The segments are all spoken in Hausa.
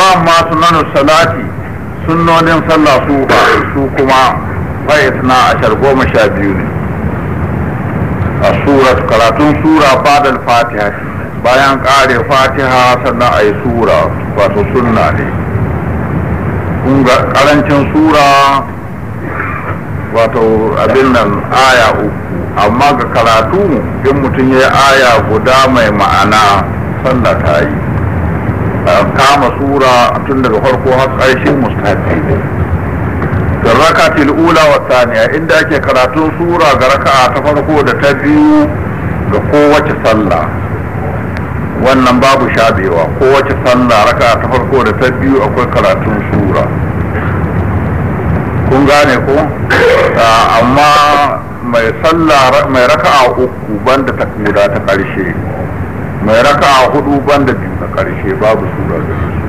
wa ma sunanu salati sunnonin sallah su su kuma bai suna ashar goma sha biyu ne a sura karatun sura fadal fatiha bayan kare fatiha sannan a yi sura wato sunna ne kun ga karancin sura wato abin nan aya uku amma ga karatu in mutum ya aya guda mai ma'ana sallah ta yi kama sura tun daga farko har ƙarshen mustahabi da raka ula wa saniya inda ake karatun sura ga raka'a ta farko da ta biyu ga kowace sallah wannan babu shabewa kowace sallah raka'a ta farko da ta biyu akwai karatun sura kun gane ko ah, amma mai sallah mai raka'a uku banda takmira ta ƙarshe mai raka a hudu da biyu na karshe babu sura da su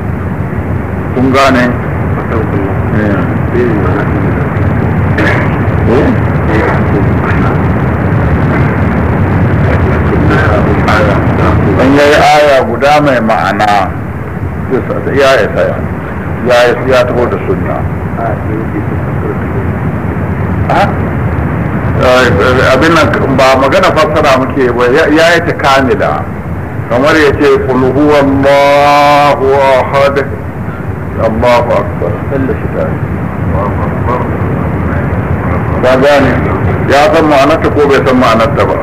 kun gane an eh. yayi aya guda mai ma'ana ya yi saya ya yi ya taho da sunna ah? eh, abin nan ba magana fassara muke ba ya yi ta kamila kamar ya ce kulhu wallahu ahad Allahu akbar sallah shi ta ba gane ya san ma'anarta ko bai san ma'anarta ba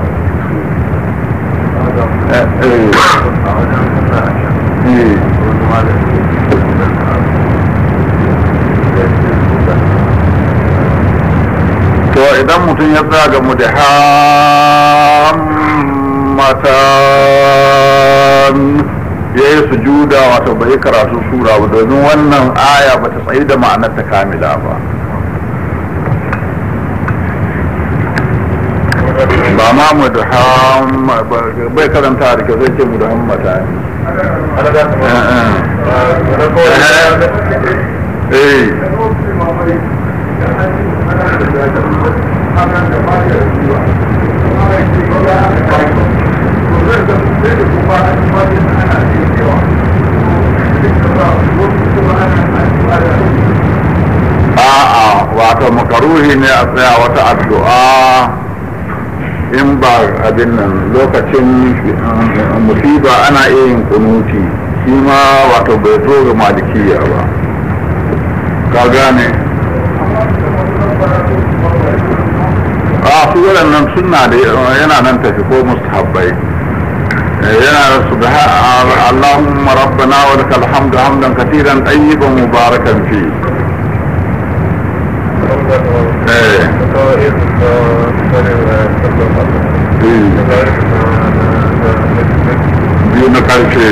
to idan mutum ya tsaga mu da Matan ya yi sujuda wato bai karatu sura ba domin wannan aya ba ta tsayi da ma'anar ta kamila ba ba ma mu da bai karanta da ke zai ce mu da hammata ne eh. Eh. a'a wato makaruhi ne a tsaya wata addu'a in ba abin nan lokacin musiba ana iya yin kunuti shi ma wato bai zo ga malikiya ba ka gane a su waɗannan suna da yana nan tafi ko Habbai. يا سبحان اللهم ربنا ولك الحمد حمدا كثيرا طيبا مباركا فيه ايه biyu na karshe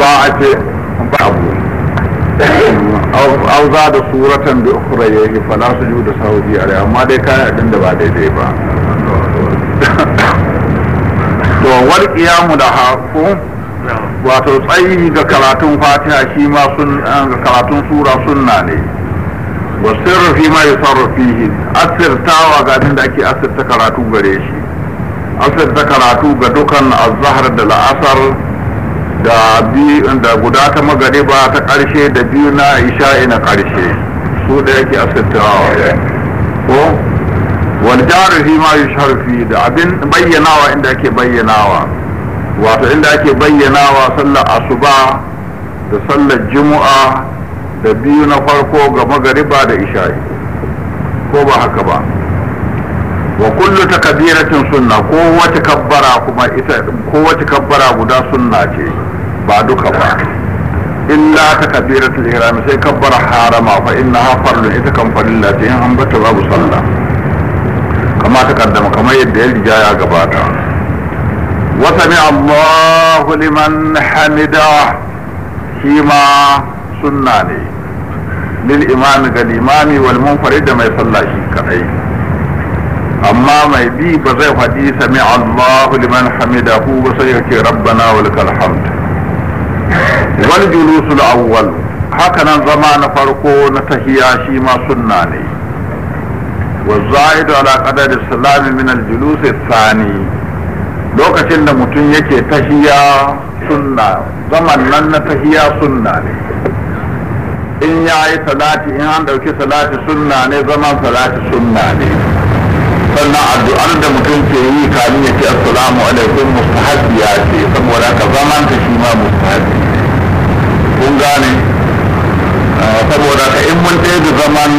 ba a ce au za da suratan da ukura ya yi fada su ju da saudi a amma dai kayan abin da ba daidai ba to wal kiyamu da haku wato tsayi ga karatun fatiha shi ma sun ga karatun sura sunna ne wa sirru fi ma yusarru fihi asirtawa ga abin da ake asirta karatu gare shi asirta karatu ga dukan azhar da la'asar da da guda ta ba ta ƙarshe da biyu na isha'i na ƙarshe su da yake ya ko wani jaruhi ma yi sharfi da abin bayyanawa inda ake bayyanawa wato inda ake bayyanawa sallar asuba da sallar juma'a da biyu na farko ga magariba da isha'i ko ba haka ba wa kullu takabiratin sunna ko wata kabbara kuma ita ko wata kabbara guda sunna ce بعدك بعد إلا تكبيرة الإحرام سي كبر حارما فإنها فرض إذا كان فرلا تين هم بتباب صلى كما تقدم كما يدل جايا قبادا وسمع الله لمن حمده فيما سناني للإمام الإمام والمنفرد ما يصلى شيء كأي أما ما يبي ba zai سمع الله لمن حمده هو ba sai yake rabbana wa wal julusul awwal haka nan zama na farko na tahiya shi ma sunna ne wa za'idu ala qadar Salam min al julus thani lokacin da mutum yake tahiya sunna zaman nan na tahiya sunna ne in ya yi salati in an dauki salati sunna ne zaman salati sunna ne sannan addu'ar da mutum ke yi kamin ya ce assalamu alaikum mustahabbiya ce saboda ka zama ta shi ma mustahabbi kun gane ah, saboda ka in mun da zaman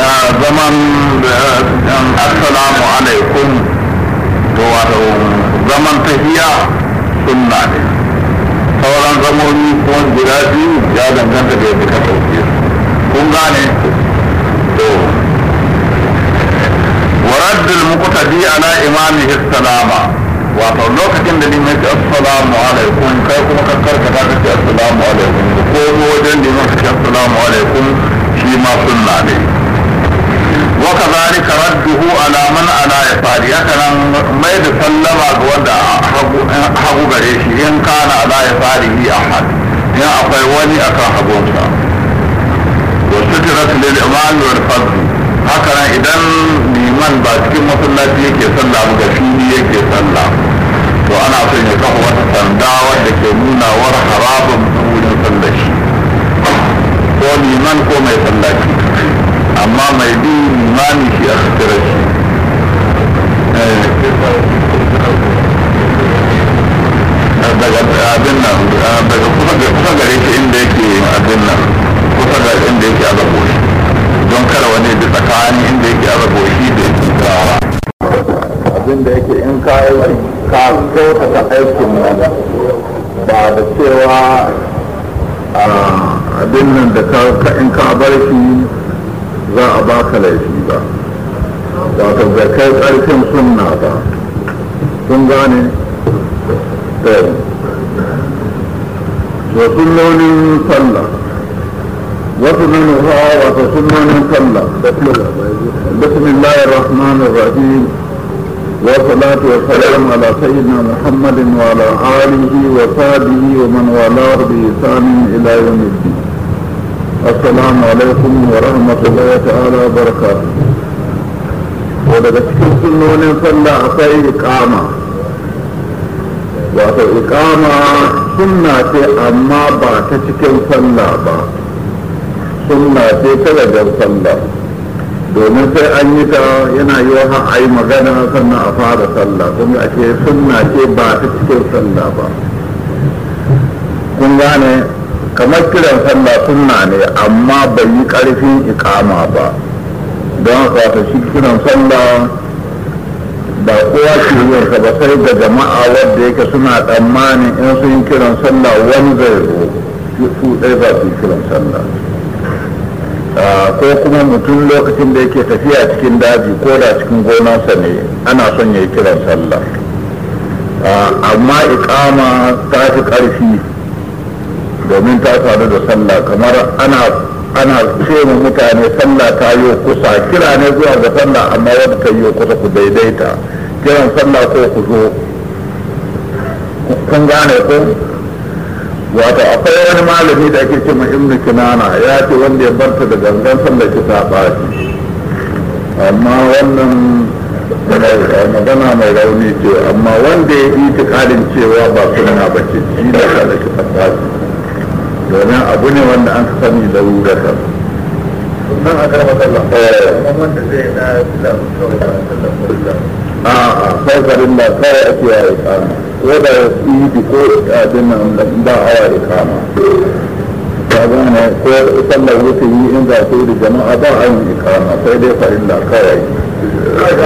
ah, zaman ah, assalamu alaikum to wato zaman tafiya sunna ne sauran zamoni ko guda biyu ya danganta da yadda ka ɗauke kun gane to ورد المقتدي على إمامه السلامة wato lokacin da liman ce assalamu alaikum kai kuma ka karkata ka ce assalamu alaikum da komo wajen liman ka ce assalamu alaikum shi ma sunna ne wa kadhalika radduhu ala man ala yasari haka nan mai da sallama ga wanda hagu gare shi in kana ala yasari bi ahad in akwai wani akan hagunsa wasu tirat lil iman wal fadl haka nan idan liman ba cikin masallaci yake sallah ba fili yake sallah to ana son ya kafa wata sanda wanda ke nuna war harabin wurin sallar shi ko liman ko mai sallaci amma mai bi limani shi a sutura shi eh, daga abin nan eh, daga kusa gare shi inda yake abin nan kusa gare inda yake alaƙo shi don kada wani bi tsakani inda yake a ragoshi da ya abinda yake in ka ka kyautata aikin nan ba da cewa abin nan da ka in ka bar shi za a baka laifi ba wato bai kai karfin sunna ba sun gane da eh. launin sallah وسنن أخرى وتسنن كلا بسم الله الرحمن الرحيم والصلاة والسلام على سيدنا محمد وعلى آله وصحبه ومن والاه بإحسان إلى يوم الدين السلام عليكم ورحمة الله تعالى وبركاته ودقت سنون صلى أخي إقامة إقامة سنة أما بعد تشكل صلى بعد sunna sai ta gajar sallah domin sai an yi ta yana yi wa a yi magana sannan a fara sallah kun ga ce sunna ce ba ta cikin sallah ba kun gane kamar kiran sallah sunna ne amma bai yi karfin ikama ba don haka ta shi kiran sallah ba kowa ke yin sa ba sai ga jama'a wadda yake suna tsammanin in sun kiran sallah wani zai zo su ɗaya ba su kiran sallah Ah, ko kuma mutum lokacin da yake tafiya cikin daji ko da cikin gonarsa ne ana son ya yi kiran sallah ah, amma ikama ta fi ƙarfi domin ta faru da sallah kamar ana ce mu mutane sallah ta yi kusa kira ne zuwa ga sallah amma wadda ta yi kusa ku daidaita kiran sallah ko ku zo kun gane ko wata akwai wani malami da ake cewa ibnu kinana ya ce wanda ya barta da gangan sanda ki ta ɓaci amma wannan magana mai rauni ce amma wanda ya yi tikadin cewa ba sunna ba ce shi da sallar ki ta ɓaci domin abu ne wanda an sani da wuratan sannan a eh. wanda zai na a farfarin ba kawai ake ya ikama ko da idi ko abin nan ba a ya ikama ta zama ko sallar wuce yi in za su da jama'a ba a yin ikama sai dai farin da kawai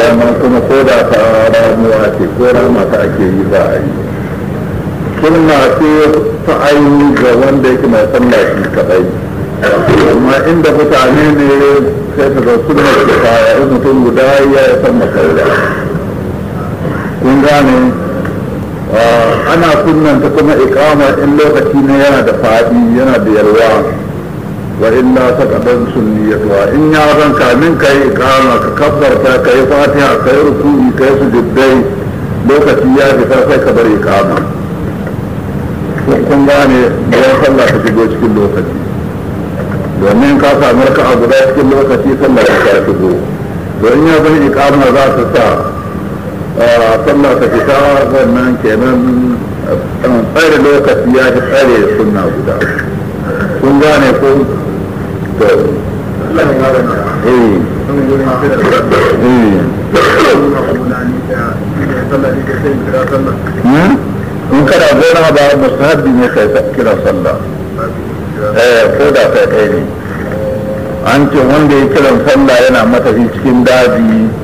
amma kuma ko da ta ramuwa ce ko rama ta ake yi ba a yi sunna ce ta aini ga wanda yake mai kaɗai. shi kadai amma inda mutane ne sai ka ga sunna ta ya mutum guda ya san masallaci kun gane ana ta kuma ikama in lokaci na yana da faɗi yana da yalwa wa illa ya tuwa in ya zan kamin ka yi ikama ka kabbarta ka yi fatiha ka yi rukuni ka yi sujuddai lokaci ya fita sai ka bar ikama kun gane ya sallah ta shigo cikin lokaci domin ka samu a guda cikin lokaci sallah ta shigo don ya zan ikama za ta sa Ah, sallah ta fita wannan kenan ah, tsare lokaci ya fi tsare sunna guda kun gane ko eh. da eh. hmm? in kana gona ba musahabi ne kai kira sallah eh ko da kai ne an ce wanda ya kiran sallah yana matafi cikin daji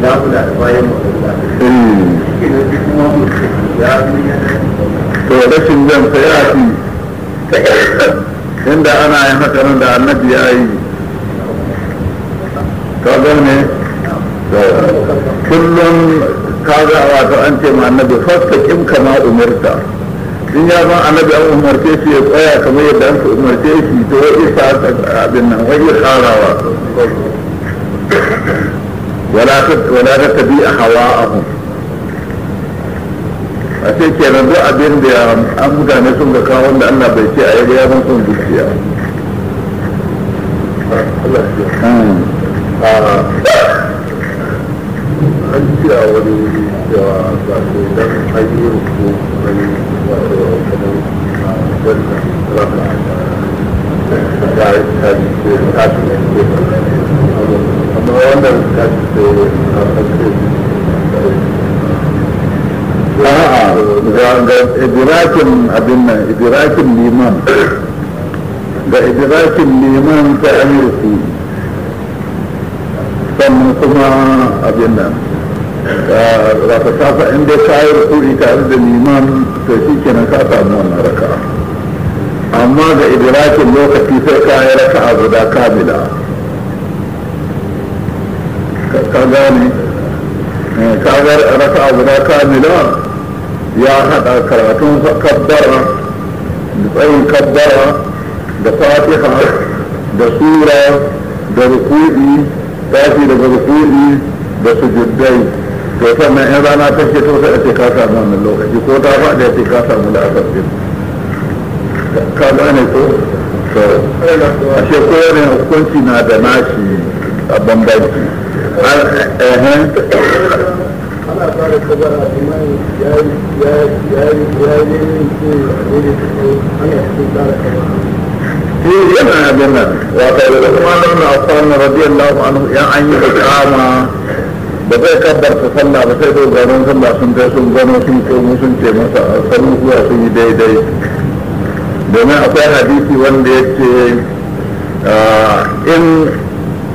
na da bayan magana ina inda ana yin haka nan da annabi ya yi kullum ka wato an ce ma annabi fasta kim kama umarta in ya zan annabi an umarce shi ya tsaya kamar yadda an umarce shi to ya isa abin nan wai ya tsarawa wala ta tabi a hawa abu a ce ke nan duk abin da an mutane sun ga kawo wanda allah bai ce a yi ya ban son zuciya an ce a wani cewa ba ko dan hanyar ko wani wato kamar wannan rana ta ta ce ta ce No wonder that's the A'a, ga idirakin abin nan, idirakin liman, ga idirakin liman ta amurku, sannan kuma abin nan, rafa kafa inda ta yi rukuri tare da liman to shi kenan ka samu wannan raka'a. Amma ga idirakin lokaci sai ka yi raka'a guda kamila. ka gane eh, kagar raka guda kamila ya hada karatun kabbara da tsayin kabbara da fatiha da sura da rukudi tashi daga rukudi da sujuddai da sannan in rana ta ce to sai a ce ka samu wannan lokaci ko ta faɗi a ce ka samu da asar din ka gane ko to ashe kowane hukunci na da nashi a bambanci yana an yi ba zai kabbar ta sallah ba sai dai garin sallah sun kai sun gano sun sun ce masa zuwa sun yi daidai domin akwai hadisi wanda ya ce ah, in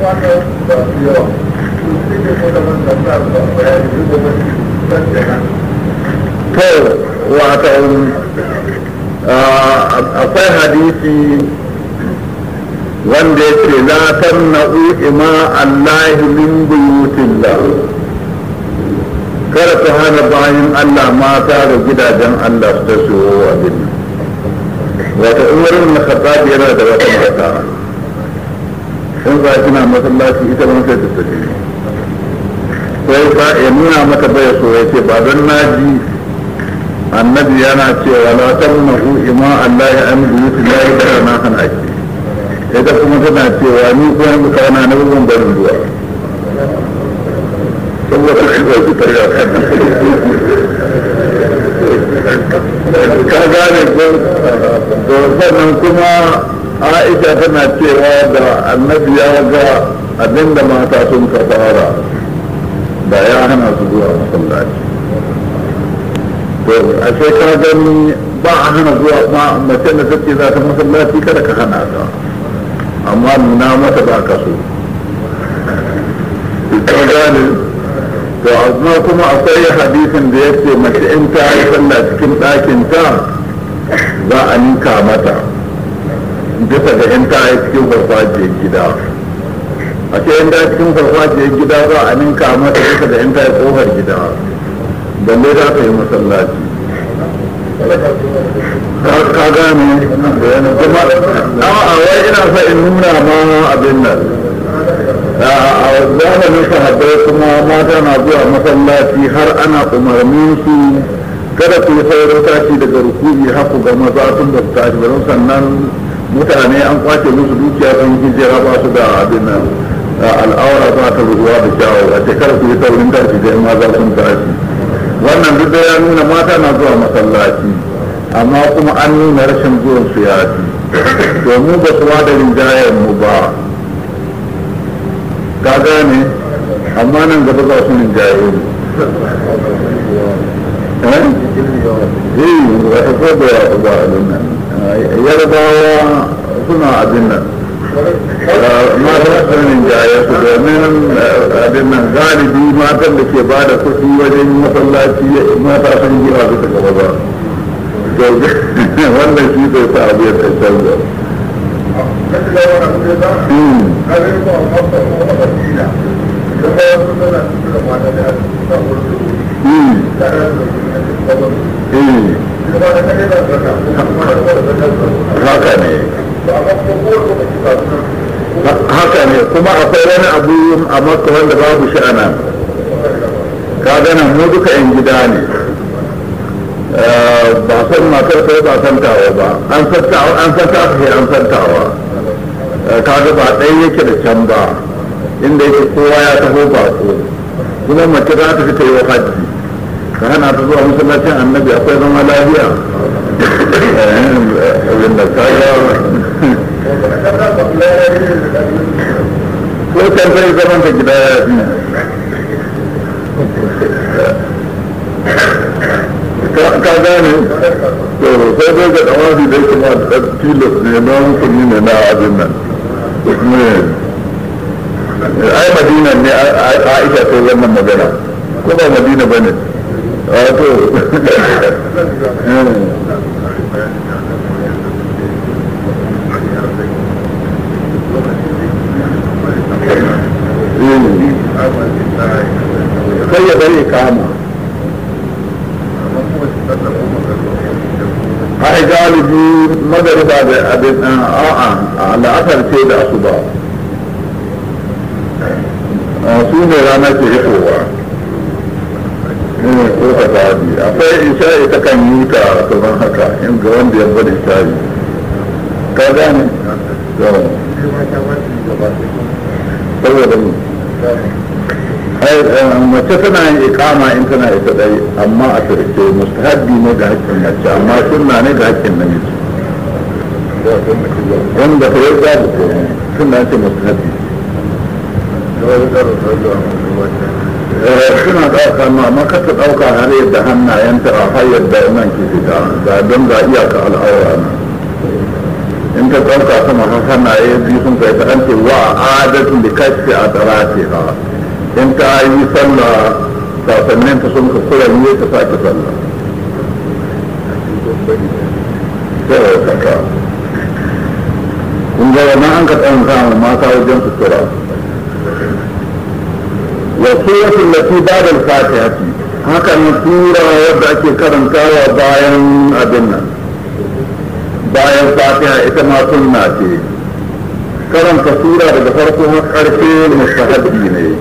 to wata akwai hadisi wanda ya ce la tamna'u ima allahi min buyutillah kada ta hana bayan allah mata da gidajen allah su ta shigo abin wata umarin na yana da wata mata in za kina masallaci ita ba sai ta tafi sai ba ya nuna mata bai so ya ce ba don na ji annabi yana cewa la hu ima Allah ya amin yusu la ya bara na hana sai ita kuma tana cewa ni ko yanzu kana na bugun barin zuwa saboda shi zai fitar da kan ka gane ko sannan kuma aisha tana cewa da annabi ya ga abinda mata sun ka fara da ya hana su zuwa masallaci to a ka gani ba a hana zuwa ma mace da take za ta masallaci kada ka hana ta amma nuna mata ba ka so to amma kuma akwai hadisin da ya ce mace in ta yi sallah cikin ɗakin ta za a ninka mata bisa ga yan ta cikin farfajiyar gida a ce yan ta cikin farfajiyar gida za a ninka mata bisa ga yan ta kofar gida balle za ta yi masallaci ka gane kuma a wai ina sa in nuna ma abin nan a zamanin sahabbai kuma mata na zuwa masallaci har ana umarnin su kada ku yi saurin tashi daga rukuni haku ga maza tun da su tashi sannan mutane an kwace musu dukiya sun hijira ba su da abin nan al'aura ba ta ruwa da kyawu a shekarar ku yi taurin tashi da yan maza sun tashi wannan duk da ya nuna mata na zuwa masallaci amma kuma an nuna rashin zuwan su ya ci domin ba su da rinjayen mu ba ka gane amma nan gaba za su rinjaye mu eh wata ko da ya ba a nan يرضى وكنا عدنا ما rasa jaya su domin abin nan galibi matan da ke ba da kuɗi wajen masallaci mata sun yi wasu daga gaba ba wannan shi zai sa abu ya tsaye canza Mm. haka ne haka ne kuma akwai wani abu a makka wanda babu shi a nan ka gana mu duka yan gida ne eh, ba san matar sai ba san tawa ba an san tawa an san tawa sai an san tawa eh, ga ba ɗaya yake da can ba inda yake kowa ya taho ba ko kuma mace za ta fita yi wa hajji ka hana ta zuwa masallacin annabi akwai zama lafiya wanda ka ga ko kan sai zaman ka gida ya fi ka gane to sai dai ga dawa da yake ma da tilas ne na hukumi ne na abin nan ai madina ne aisha ta wannan magana ko ba madina bane wato sai ya bari kama ai galibi magariba da abin a'a la'asar ce da asuba su ne rana ke rikowa Eh, ko a zaɓi akwai isha'i ta kan yi ka kamar haka in ga wanda ya bada isha'i ka gane saboda mu eh, mace tana yin ikama in tana ita dai amma a tarike mustahabbi ne ga hakkin mace amma sunna ne ga hakkin namiji wanda ta yi zaɓi ko sunna ce mustahabbi suna ɗauka ma makasar ɗauka har yadda hannayenta a har yadda nan ke fita da don ga iyaka al'aura in ta ɗauka sama har hannaye biyu sun kai ta ɗanke wa adatun da kashe a tsarate ha in ta yi sallah sasannin ta sun ka kuran yi ta sake sallah kun ga wannan an ka tsanka mata wajen sutura والسورة التي بعد الفاتحة haka ne tura wadda ake karantawa bayan abin nan bayan fatiha ita ma sunna ce karanta sura daga farko har ƙarfe mustahabbi ne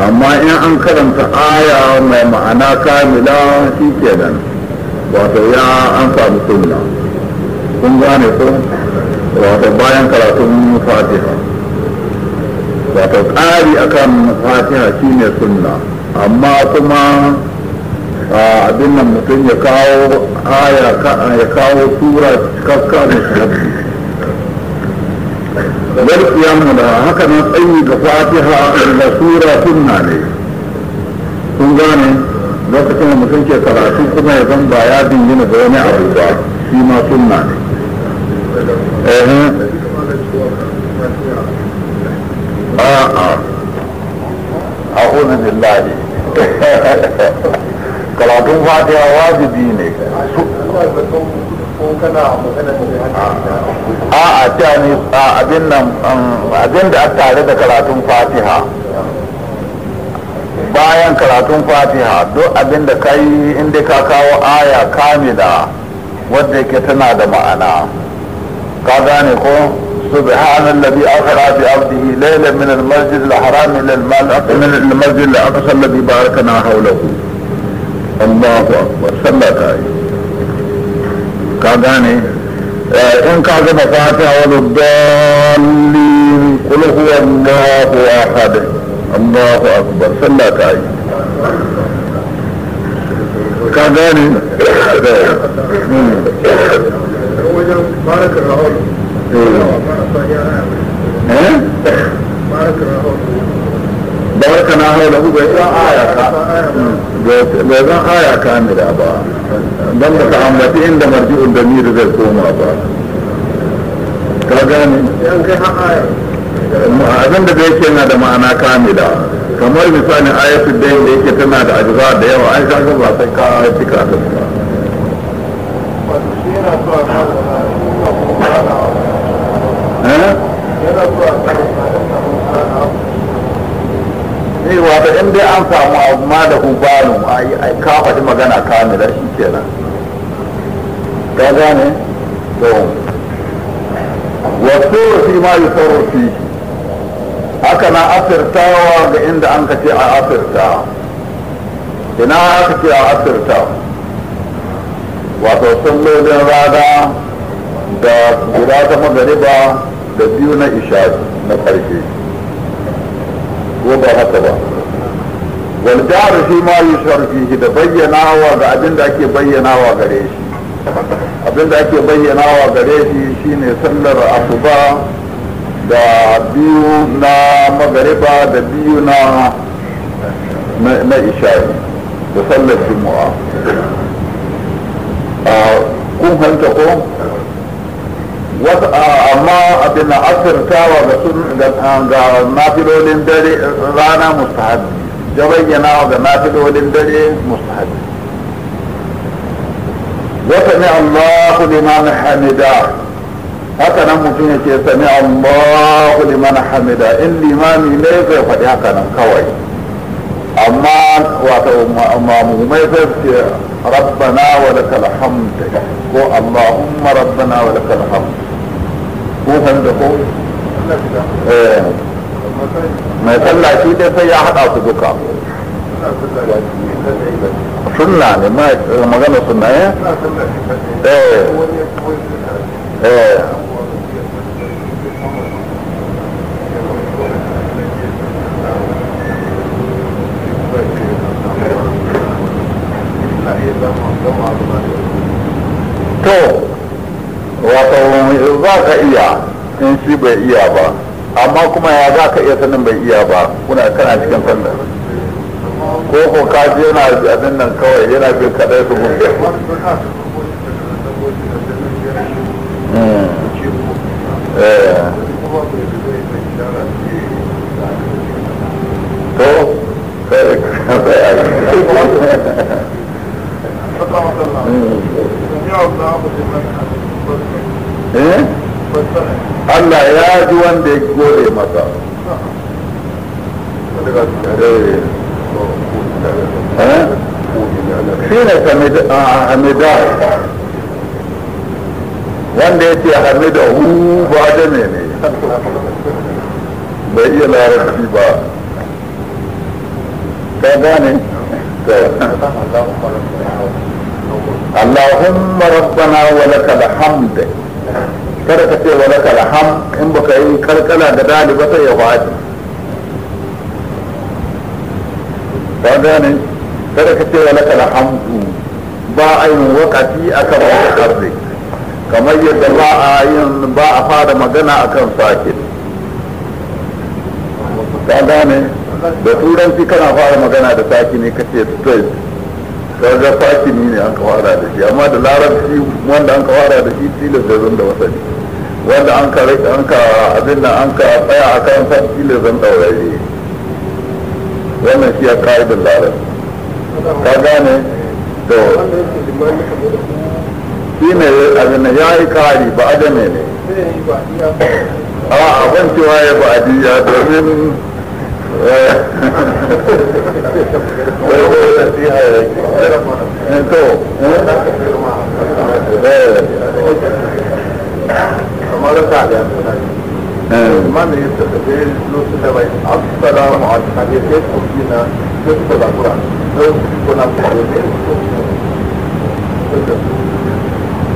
amma in an karanta aya mai ma'ana kamila shi kenan wato ya an bayan karatun fatiha wato ƙari akan fatiha shine sunna amma kuma abin nan mutum ya kawo aya ya kawo tura kakka da sahabbi wal kiyamu da haka na tsayi ga fatiha da tura sunna ne sun gane lokacin da mutum ke karatu kuma ya zan ba ya dingina da wani abu ba shi ma sunna ne a'udhu billahi karatun fatiha wajibi ne a'a ta a abin nan um, abin da tare da karatun fatiha bayan karatun fatiha duk abin da ka yi inda ka kawo aya kamila wadda yake tana da ma'ana ka gane ko سبحان الذي أخرى بأرضه ليلا من المسجد الحرام إلى من المسجد الأقصى الذي باركنا حوله الله أكبر صلى كاي كاغاني آه، إن كاغا فاتحة والضالين قل هو الله أحد الله أكبر صلى كاي كاغاني baraka na haula hu bai zan aya ka bai zan aya kamila ba don ba ka ambaci inda marji'un da miri zai koma ba ka gane abin da zai ce na da ma'ana kamila kamar misalin ayatul dain da yake tana da ajza da yawa an shafa ba sai ka cika ta ba da in dai an samu abu ma da ubanu ai ka faɗi magana da shi kenan ka gane to wasu fi ma yi tsoro fi haka na afirtawa ga inda an kace a afirta ina aka ce a afirta wato sallolin rada da guda ta magariba da biyu na isha na ƙarshe ko ba haka ba wal jaru shi ma yushar fihi da bayyanawa ga abin da ake bayyanawa gare shi abin da ake bayyanawa gare shi shine sallar asuba da biyu na magariba da biyu na na isha'i da sallar juma'a kun hanta ko amma abin na asirtawa ga nafilolin dare rana mustahabi يبين عظماء الأولي البريء مصحف وسمع الله لمن حمده أكنا ممكن سمع الله لمن حمده إن الإمام ليس فدي أكنا كوي أما وأما مميز ربنا ولك الحمد اللهم ربنا ولك الحمد هو فندقوا mai sallah shi dai sai ya hada su duka sunna ne magana sunna ya eh? eh eh to wato za ka iya in shi bai iya ba amma kuma ya za ka iya sanin bai iya ba kuna kana cikin sallah ko ko ka ji yana abin nan kawai yana bin kadai su mun hmm. eh. to Allah ya ji wanda ya gode masa eh? shi ne ah, hamida wanda ya ce hamida hu ba da ne ne bai iya larabci ba ka gane اللهم ربنا ولك الحمد kada ka ce wa laka alham in baka yi kalkala da dali ba sai ya faɗi ka gane kada ka ce wa laka alhamdu ba a yin wakati a akan wani arzi kamar yadda ba a yin ba a fara magana a kan sakin ka gane da turanci kana fara magana da saki ne kace straight ka ga saki ne an kawara da shi amma da larabci wanda an kawara da shi tilas da zan da wasani wanda an ka rika an ka abin da an ka tsaya a kan sarki da zan ɗaurare wannan shi ya da lalar ka gane to shi ne abin nan ya yi kari ba adame ne a abin cewa ya ba adiya domin to eh. eh. man eh. kura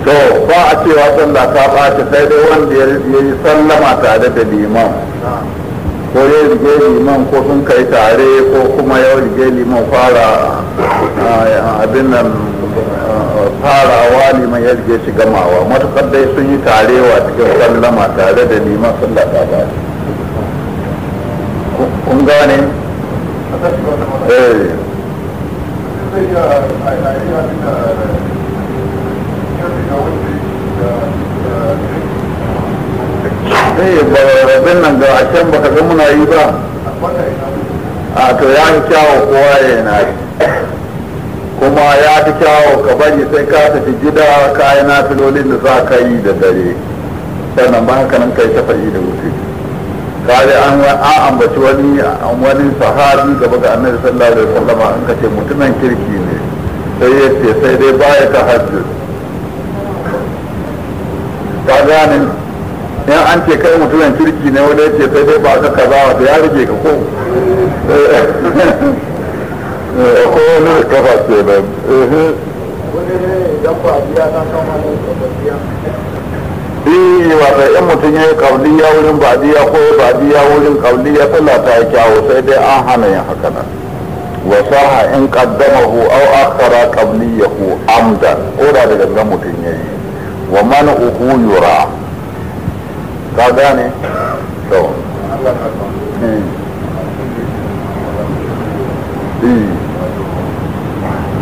to ba a cewa sallah ta ɓaci sai dai wanda ya yi sallama tare da liman ko ya rige liman ko sun kai tare ko kuma ya rige liman fara ah, abin nan farawa ne mai rige shi gamawa matuƙar dai sun yi tarewa cikin sallama tare da liman sallah ta ba kun gane eh eh ba rabin nan ga a can baka ga muna yi ba a to ya yi kyawo kowa ya na yi kuma ya fi kyawo ka bari sai ka tafi gida ka yi filolin da za ka yi da dare sannan ba haka nan ka yi tafa'i da wuce kare an ambaci wani wani sahabi gaba ga annabi sallallahu alaihi wasallam an kace mutumin kirki ne sai ya ce sai dai baya hajji ka gane in an ce kai mutumin kirki ne wanda ya ce sai dai ba ka kaza wata ya rage ka ko akwai wani da kafa ke Ehe. wani ne idan ba biya na ne ka ba wata in mutum ya yi kauliya wurin badiya ko ya badiya wurin kauliya sallah ta yi kyawu sai dai an hana yin haka nan wasaha in qaddamahu aw akhara qabliyahu amdan ko da daga nan mutum ya yi wa yura ka gane to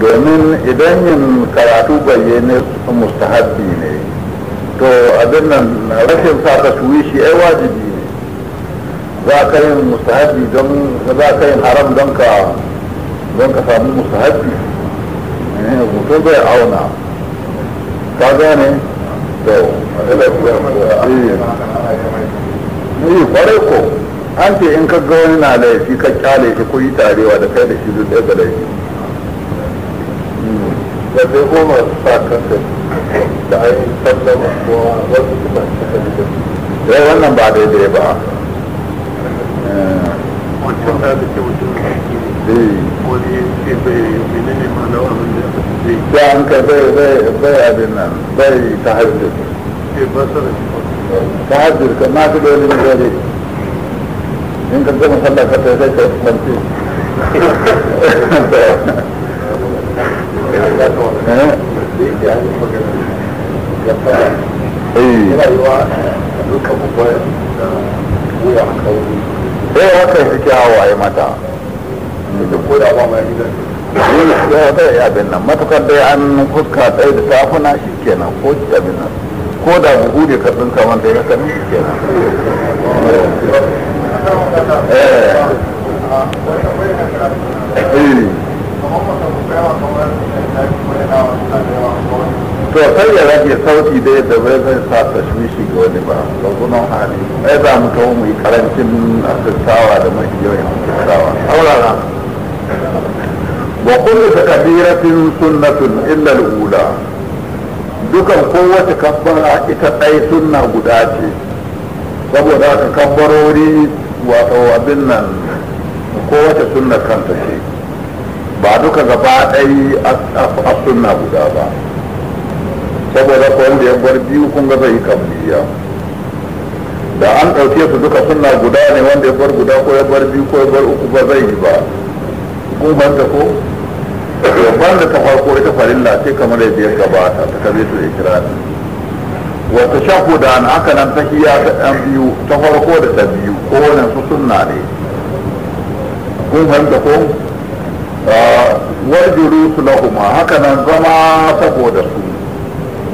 domin idan yin karatu bayyane mustahabbi ne to abin nan rashin sa ka shi ai wajibi ne za ka yin mustahabbi don za ka yin haram don ka don ka samu mustahabbi eh, mutum zai auna ka gane to yi eh. eh, kwarai ko an ce in ka ga wani na laifi ka kyale shi ko yi tarewa da kai da shi duk ɗaya da laifi da zai goma sa kanka da ai sallama kowa wasu suna suka da dai eh, wannan ba daidai ba eh. ta da ke mutum da ke wani eh. ce bai menene ma na wani da zai ya an ka bai bai bai abin nan bai ta hajjir ke basara ta hajjir ka na fi dole ne dole in ka gama sallah ka ta sai ka kwanci rayuwa a duka babbar da wuya a eh, hawa ya mata da ko da ba mai eh, ya da ya bin nan matukar dai an fuska ɗaya da tafuna shi kenan ko shi nan ko da buhu eh. da ya shi to ya rage sauti da yadda bai zai sa tashwishi ga wani ba gurgunan hali ai za mu kawo mai karancin asirtawa da mahiyoyin asirtawa saurara wa kullu takbiratin sunnatun illa al-ula dukan kowace kabbara ita ɗaya sunna guda ce saboda ka kabbarori wato abin nan kowace sunna kanta ce ba duka gaba ɗaya a sunna guda ba saboda ko wanda ya bar biyu kun ga zai yi kabliya da an ɗauke su duka suna guda ne wanda ya bar guda ko ya bar biyu ko ya bar uku ba zai yi ba ko ban da ko ban da ta farko ita farilla ce kamar da ya gabata ta kabe su da ikirari wata shafu da an aka nan ta hiya ta ɗan biyu ta farko da ta biyu ko ah, wani su suna ne ko ban da ko wajuru su lahuma haka nan zama saboda su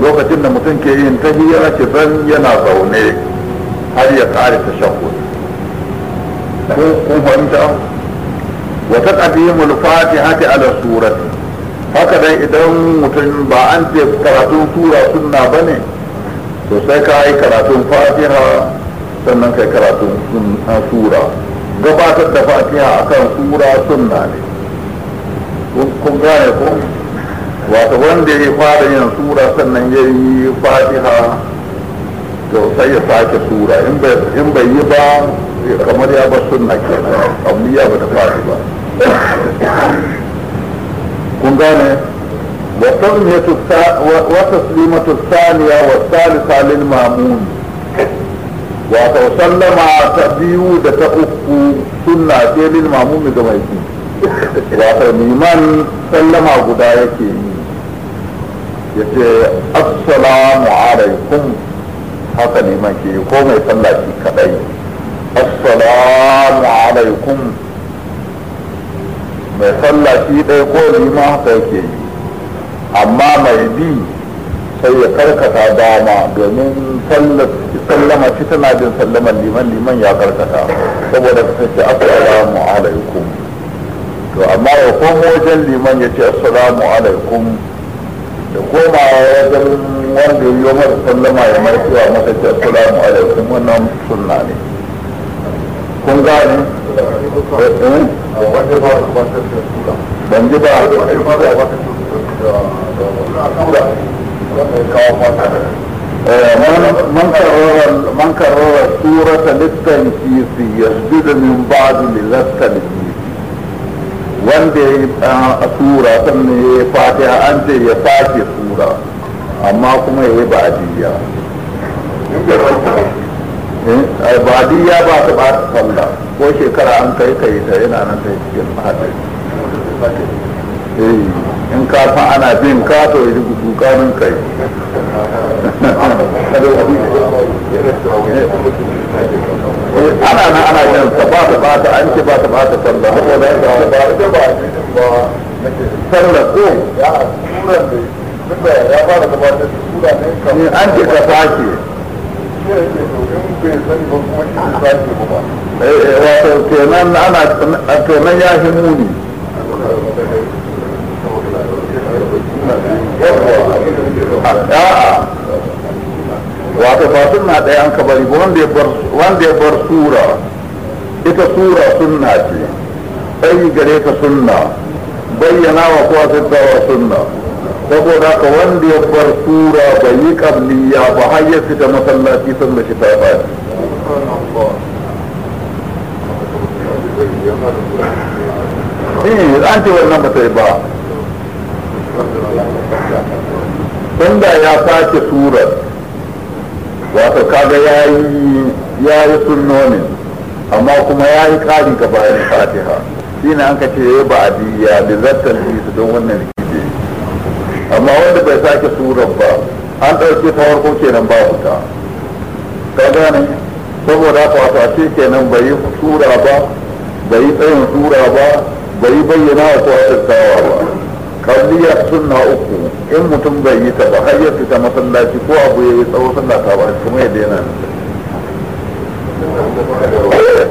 lokacin da mutum ke yin ta tahiyya ki zan yana zaune har ya kare shakku ko kun fahimta wa taqdimul fatihati ala surati haka dai idan mutum ba an ce karatun sura sunna bane to sai ka yi karatun fatiha sannan kai karatun sura gabatar da fatiha akan sura sunna ne kun gane ko wata wanda ya fara yin sura sannan ya yi fatiha to sai ya sake sura in bai yi ba kamar ya ba sunna ke abu ya ba ta fara ba kun gane wata slimatu saniya wa salisa lil mamun wata sallama ta biyu da ta uku sunna ce lil mamun ga mai wata liman sallama guda yake yi ya ce assalamu alaikum haka liman ke ko mai sallaci kadai assalamu alaikum mai sallaci ɗaya ko liman haka yake yi amma mai bi sai ya karkata dama domin sallama shi tana sallama sallaman liman liman ya karkata saboda kasance assalamu alaikum to amma ya komo wajen liman ya ce assalamu alaikum da koma wajen wanda yi wa mara sallama ya markewa masa ce assalamu alaikum wannan sunna ne kun gani ban ji ba من كرر السورة للتنكيس يسجد من بعد للتنكيس wanda ya yi sura sannan ya yi fatiha an ce ya fashe tura amma kuma ya yi ba'adiyya eh, ba'adiyya ba ta ba ta sallah ko shekara an kai kai ta yana nan ta cikin hadari eh, in ka ana bin ka to ya ji gudu kanin kai ana na ana yin ta ba ta bata an ce ba ta sallah ba ba ba sallah ko ya duk da ya ba ta ne kamar an ce ka sake eh, eh, wato kenan ana kenan ya fi muni a'a wato ba sunna ɗaya an ka bari wanda ya bar sura ita sura sunna ce ɗayi gare ka sunna bayyana wa kowa sittawa sunna saboda ka wanda ya bar sura bai yi kabliya ba har ya fita masallaci sun da shi ta faɗi Eh, ce wannan ba sai ba tun da ya sace surar wato kaga ya yi sunnonin amma kuma ya yi ƙari ga bayan fatiha shi ne an ka ya ba adiyya da zartar su don wannan rikice amma wanda bai sake surar ba an ɗauke ta farko kenan ba ta ka gane saboda ka ce kenan bai yi sura ba bai yi tsayin sura ba bai yi bayyana wa ko ba kabliya sunna uku in mutum bai yi ta ba har ya fita masallaci ko abu ya yi tsawo sallah ta ba kuma ya daina eh? Eh. Eh.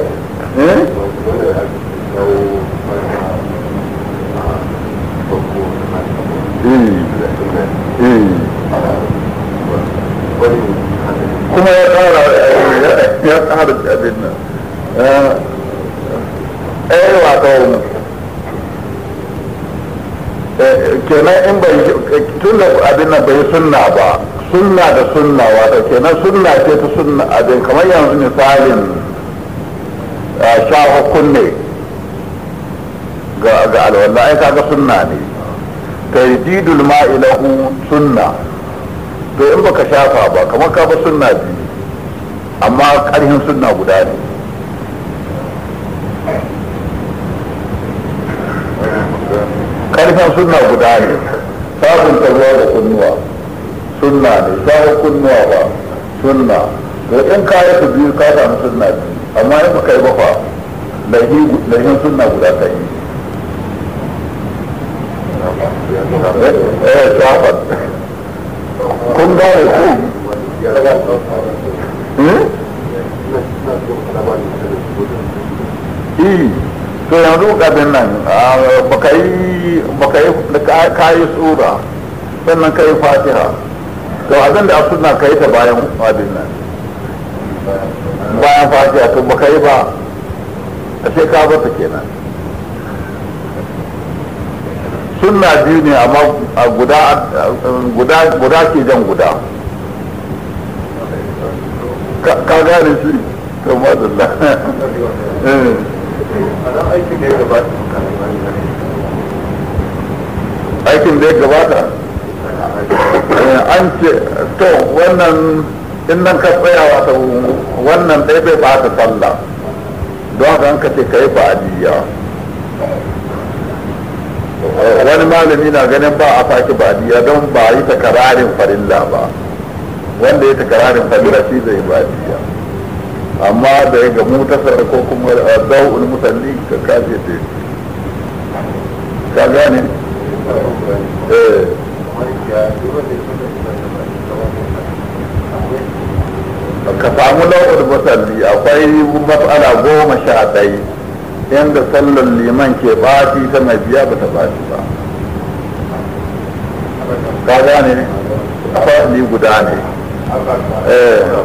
kuma ya tsara ya tsara abin nan eh wato Eh, kenan in bai tun da abin nan bai sunna ba sunna da sunna wata kenan sunna ce ta sunna abin kamar yanzu misalin sha kunne ga alwala ai kaga sunna ne tajdidul didul ma'ilahu sunna to in baka shafa ba kamar ka ba sunna biyu amma ƙarfin sunna guda ne san suna guda ne sabunta ruwa da kunnuwa suna ne shawo kunnuwa ba suna da in ka yi su biyu ka samu suna ne amma in baka yi ba fa lahin guda ta yi eh shafan kun ku Hmm? Eh. to yanzu gabin nan baka yi ka yi tsura sannan ka yi fatiha to abin da suna ka yi ta bayan wadin nan bayan fatiha to baka yi ba a sai ka bata kenan suna biyu ne amma guda ke jan guda ka gane shi ma zalla. Eh. aikin da ya gabata eh, an ce to wannan in ka tsayawa ta wannan ɗaya bai ba ta falla don haka an ka ce ka yi ba'adiyya wani malami na ganin ba a faki ba'adiyya don ba yi ta kararin farilla ba wanda ya ta kararin farilla shi zai ba'adiyya amma da ya gamu ta ko kuma zau eh, da'ul mutane ka kace ta ka gane eh ka samu lau'ul musalli akwai matsala goma sha ɗaya inda sallar liman ke bati ta mai biya ba ta bati ba ka gane ne guda ne Eh. Eh, ya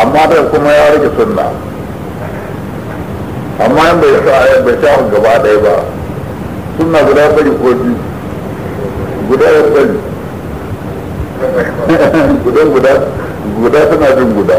amma da kuma ya rage sunna amma yan bai sa ayar bai sha gaba ɗaya ba sunna guda bari ko biyu guda ya bari guda guda guda suna jin guda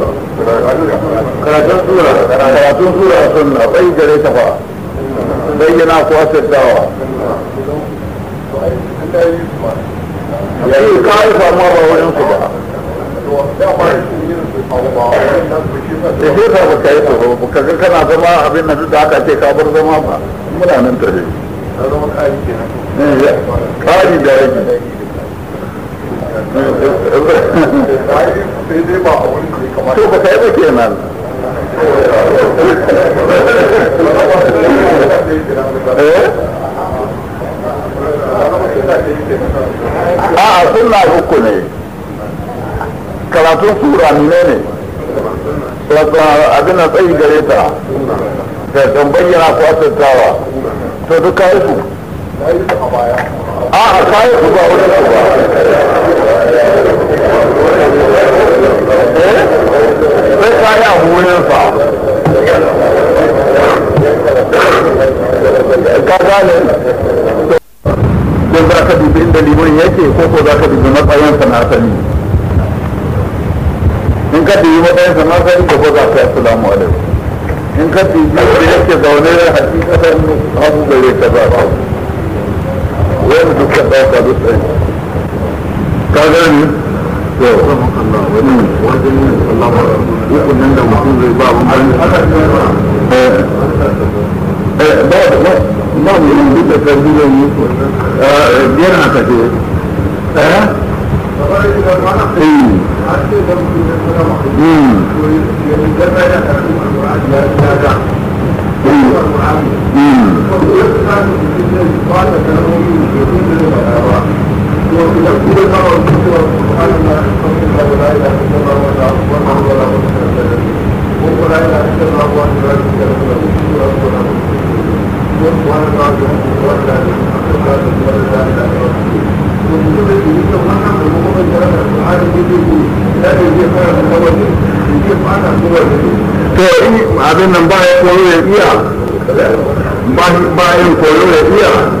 karatun sura karatun sura sunna bai gare ta fa bayyana ko asirtawa ya yi ba su ba da shi ka ba kai su ba ka ga kana zama abin da da aka ce ka bar zama ba nan kari da rage to ba kai kenan eh? a ah, suna uku ne karatun sura ne ne abin na tsayi gare ta da don bayyana ko asantawa to duk kayi su a'a ah, kayi su ba wani ba fari a wurinsa ka gane ko za ka dubi inda yake ko ko za ka dubi in ka dubi ko za ka yi alaikum in ka dubi inda yake zaune da wani dukkan ɗauka ka gane to wajen yin sallama uku nan da mutum zai ba mun ban ba ba ba mu yin duk da karbi da yi biyar na kaje eh Mm. to in abin nan ba ya koyo ya iya ba yin koyo ya iya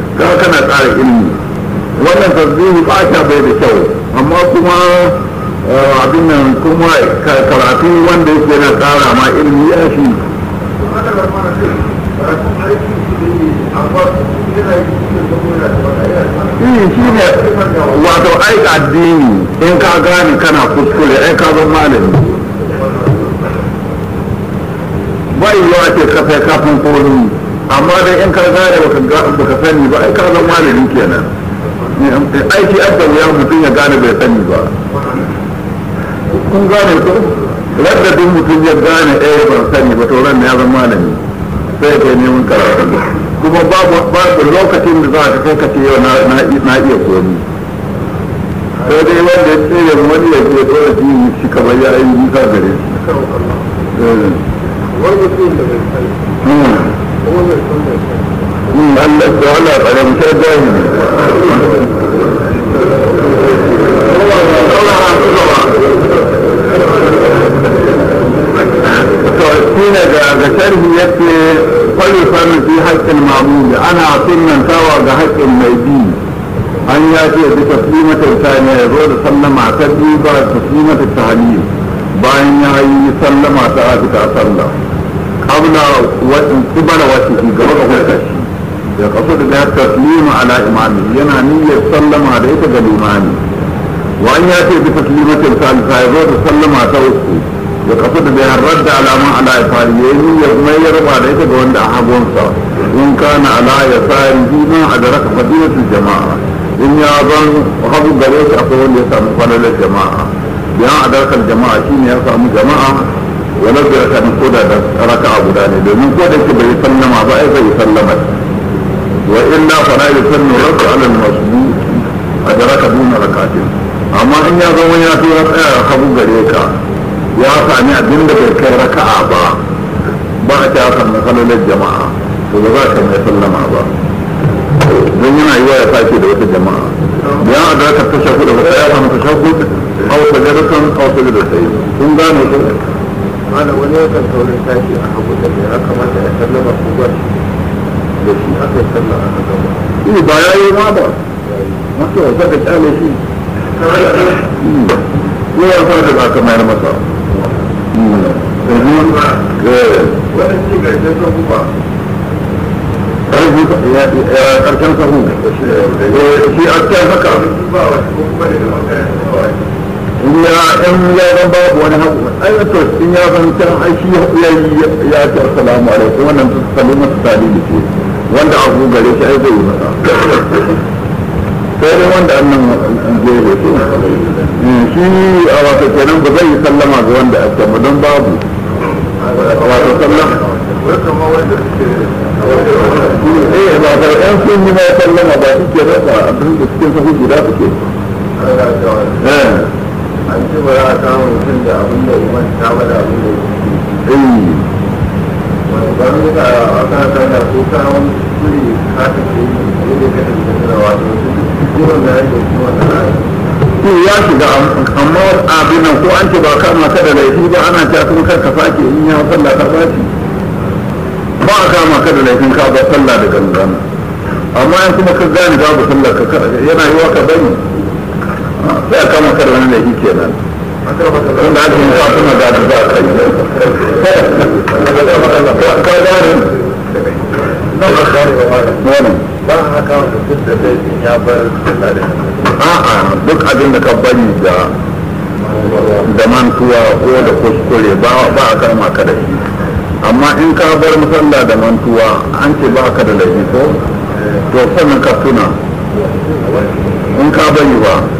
da kana tsara ilimi wannan tasbihu ba ta bai da kyau amma kuma eh, abin nan kuma karatu wanda yake na tsara ma ilimi ya shi eh, shi ne wato ai addini in ka gane kana kuskure ai ka zama malami bai yawa ce kafin kafin kolin amma dai in ka gane ka sani ba ai ka zan malami kenan aiki abdal ya mutum ya gane bai sani ba kun gane ko ladda duk mutum ya gane eh ba sani ba to ran ya zama malami sai ka mun karatu kuma babu babu lokacin da za ka kai ka ce na na iya komi sai dai wanda ya tsere wani ya ce ko da jini shi kamar ya yi nisa gare shi eh. wani mutum da bai sani hmm. قال لك تعلق انا مش جاهز تعطينا بشره يكفي كل فم في حق المعمول انا اعطينا انتوى بحق الميدين ان ياتي بتسليمة الثانية يقول سلم اعتدي تسليمة التعليم باين يا سلم اعتدي سلم abuna wasu kubara wasu ki gaba ga kwaikar shi da kafa da ya taslima ala imami yana niyyar sallama da ita ga limami wa an ya ce ta taslima ta ta alfahari zo ta sallama ta wasu da kafa da ya radda alama ala imami ya yi niyyar mai ya raba da ita ga wanda a hagunsa in kana ala ya sa'ar juna a da raka fadimatu jama'a in ya zan hagu gare shi akwai wanda ya samu kwanar jama'a bayan adarkar jama'a shine ya samu jama'a wani da ta ko da raka a guda ne domin ko da ke bai sallama ba ai bai sallama wa illa fa la yusallu raka ala al-masbu adraka duna rakatin amma in ya zama ya tura tsaya kabu gare ka ya sami abin da bai kai raka'a ba ba a ta san masalar jama'a to ba za ka mai sallama ba don yana yi wa ya sake da wata jama'a ya adraka tashahu da wata ya samu tashahu aw sajadatan aw sajadatayn kun gane ko mana wani yakan saurin tashi a hagu da ya kamata ya sallama ko ba da shi aka yi sallah aka gama shi eh, ba ya yi ma ba masu wasa da kyale shi hmm. ko ya fara da aka mayar masa domin waɗansu ga ita sun kuma ƙarshen sahun eh, shi a cikin haka ba wasu kuma da ya ɗan ya ɗan ba wani haku ai to in ya san can ai shi ya ya ce assalamu alaikum wannan salima tsali da ce wanda abu gare shi ai zai yi masa sai dai wanda annan jere shi eh, shi a wata kenan ba zai yi sallama ga wanda a can don babu wato sallama eh, ba yi ba su suke eh. an ce ba za a samu mutum da abin da iman ta ba da abin da ya eh. ba mu da a kan ta da ko ta wani kuri ka ta ce ne da ka ta da wato kuma da ya kuma da to ya shiga amma abin nan ko an ce ba kama ka da laifi ba ana ta kuma kar ka in ya sallah ka sake ba a kama ka da laifin ka ba sallah da gangan amma in kuma ka gane babu sallah ka yana yi wa ka bani sai a kama kar wani laifi wanda ake yi suna ba a kai ba a da a'a duk abin da ka bari da da mantuwa ko da kuskure ba a kama ka da shi amma in ka bar musalla da mantuwa an ce ba ka da laifi ko to sannan ka tuna in ka bari ba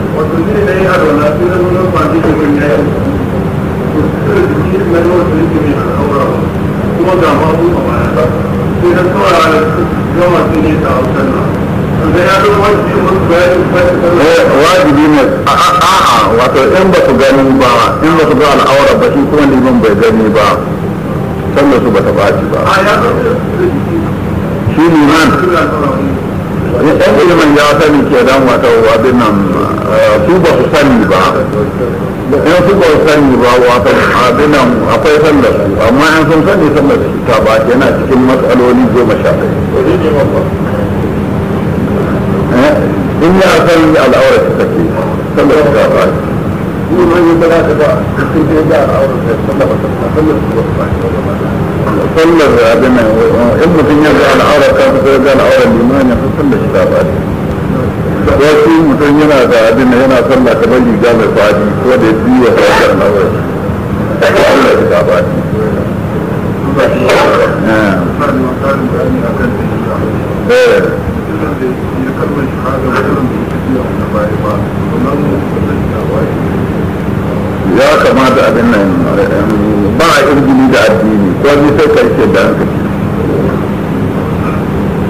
wato shi ne na yi arwana sai na nuna ba zai da wani yayan to shi na yi wasu yake mai al'aura kuma ga mabu a baya sai na kawai gama ta wato in ba su gani ba in ba su ga al'aura ba shi kuma liman bai gani ba sannan su ba ta baci ba shi liman ya sani ke dan wata abin nan su ba su sani ba in su ba su sani ba wata abinan akwai sallar su amma an sun sani sallar su ta ba yana cikin matsaloli goma sha eh? in ya san al'aura su take san da su ta ba sallar abinan in mutum ya ga al'aura ta ga al'aura limanin sallar su ta ba wasu mutum yana da abin yana sallah kamar riga mai fadi ko da yi wa sallar na wai Allah ya gaba eh. eh. ya kamata abin nan ba a irgini da addini ko ni sai da hankali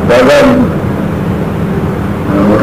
ba za mu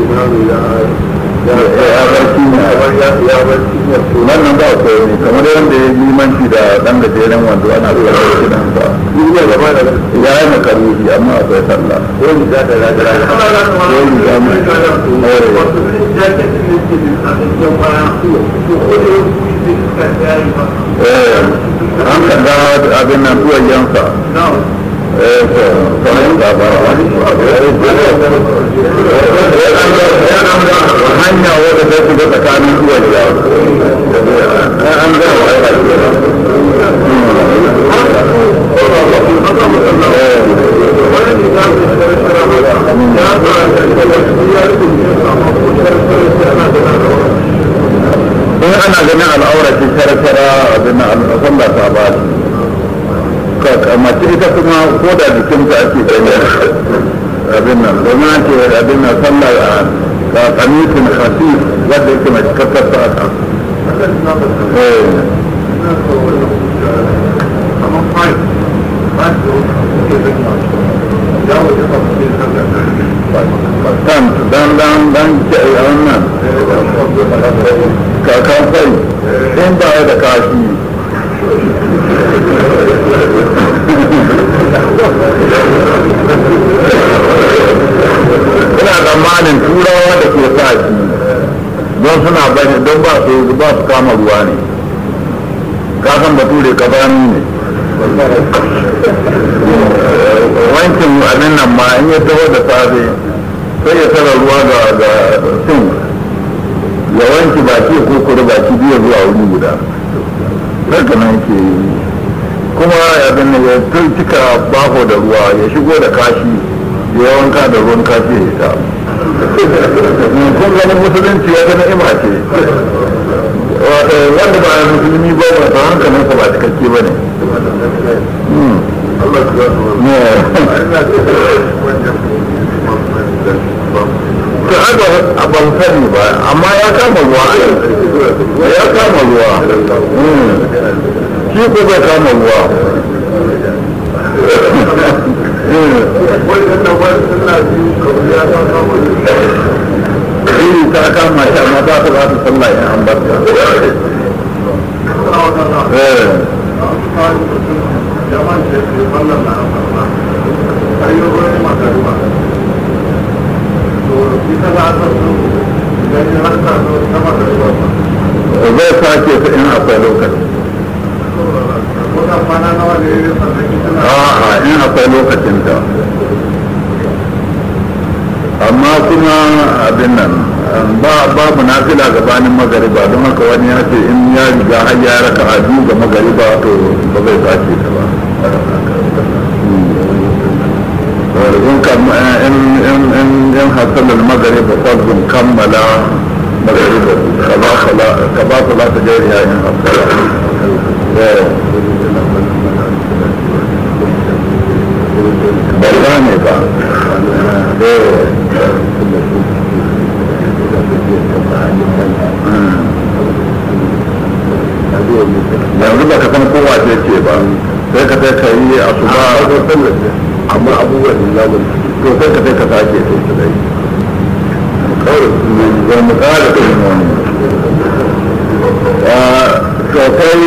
ya bar ba ko ne kamar yadda ya limanci da dan gajeren wando ana zuwa da shi nan ba duniya gaba da ya yi makaruhi amma ko ni da da da da ko ni da mu da hanya wadda ta shiga tsakanin kuwa da yawon an zama تمتأتي أبنا ومعك أبنا صلى قميص خفيف قد انت ما تكتر فأسعى Там, там, там, там, şey anlam. Kalkayım. Sen daha da karşıyım. ina tsammanin turawa da ke sa shi don suna bane don ba su ba kama ruwa ne ka san bature ka bani ne wankin abin nan ma in ya taho da safe sai ya tara ruwa ga ga sin ya wanki baki ko kuri baki zuwa wuri guda haka nan ke yi kuma ya abin ya cika bako da ruwa ya shigo da kashi ya wanka da ruwan kashi ya ita kun ganin musulunci ya zama ima ce wanda ba ya musulmi ba ba ta hankalin ba cikakke ba ne ta aga a ban ba amma ya kama ruwa ya kama ruwa hmm. shi ko zai kama ruwa Iri ta kama shi amma ba ta sallah ya an eh. Zai sake ta in akwai lokaci. a'a in akwai ta amma kuma abin nan ba babu nafila gabanin magariba don haka wani ya ce in ya riga har ya raka a biyu ga magariba to ba zai sace ta ba in hasalar magariba fardun kammala magariba ka ba kula ta jariya in hasalar bai gane ba yanzu ba ka san kowa ce ce ba sai ka sai ka yi a su ah, ba amma abubuwan to sai ka sai ka sake su dai kawai mu wani